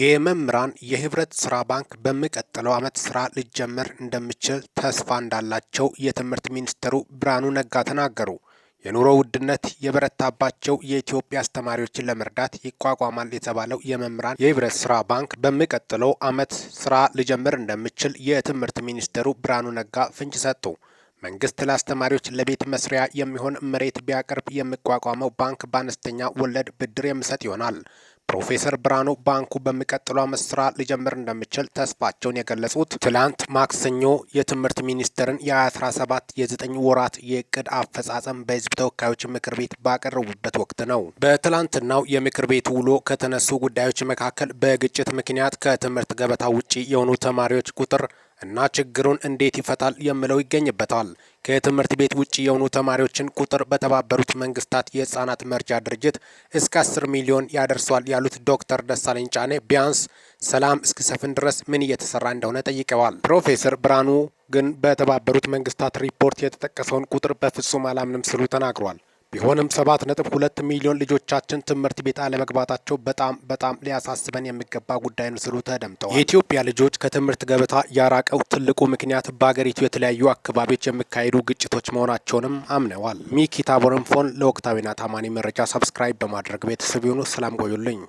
የመምህራን የህብረት ስራ ባንክ በሚቀጥለው ዓመት ስራ ሊጀመር እንደሚችል ተስፋ እንዳላቸው የትምህርት ሚኒስትሩ ብርሃኑ ነጋ ተናገሩ። የኑሮ ውድነት የበረታባቸው የኢትዮጵያ አስተማሪዎችን ለመርዳት ይቋቋማል የተባለው የመምህራን የህብረት ስራ ባንክ በሚቀጥለው ዓመት ስራ ሊጀምር እንደሚችል የትምህርት ሚኒስትሩ ብርሃኑ ነጋ ፍንጭ ሰጡ። መንግስት ለአስተማሪዎች ለቤት መስሪያ የሚሆን መሬት ቢያቀርብ የሚቋቋመው ባንክ በአነስተኛ ወለድ ብድር የሚሰጥ ይሆናል። ፕሮፌሰር ብርሃኑ ባንኩ በሚቀጥለው አመት ስራ ሊጀምር እንደሚችል ተስፋቸውን የገለጹት ትላንት ማክሰኞ የትምህርት ሚኒስቴርን የ2017 የዘጠኝ ወራት የእቅድ አፈጻጸም በህዝብ ተወካዮች ምክር ቤት ባቀረቡበት ወቅት ነው። በትላንትናው የምክር ቤት ውሎ ከተነሱ ጉዳዮች መካከል በግጭት ምክንያት ከትምህርት ገበታ ውጪ የሆኑ ተማሪዎች ቁጥር እና ችግሩን እንዴት ይፈታል የሚለው ይገኝበታል። ከትምህርት ቤት ውጭ የሆኑ ተማሪዎችን ቁጥር በተባበሩት መንግስታት የህፃናት መርጃ ድርጅት እስከ 10 ሚሊዮን ያደርሷል ያሉት ዶክተር ደሳለኝ ጫኔ ቢያንስ ሰላም እስኪሰፍን ድረስ ምን እየተሰራ እንደሆነ ጠይቀዋል። ፕሮፌሰር ብርሃኑ ግን በተባበሩት መንግስታት ሪፖርት የተጠቀሰውን ቁጥር በፍጹም አላምንም ስሉ ተናግሯል። ቢሆንም ሰባት ነጥብ ሁለት ሚሊዮን ልጆቻችን ትምህርት ቤት አለመግባታቸው በጣም በጣም ሊያሳስበን የሚገባ ጉዳይ ነው ሲሉ ተደምጠዋል። የኢትዮጵያ ልጆች ከትምህርት ገበታ ያራቀው ትልቁ ምክንያት በሀገሪቱ የተለያዩ አካባቢዎች የሚካሄዱ ግጭቶች መሆናቸውንም አምነዋል። ሚኪ ታቦረንፎን ለወቅታዊና ታማኒ መረጃ ሰብስክራይብ በማድረግ ቤተሰብ ይሁኑ። ሰላም ቆዩልኝ።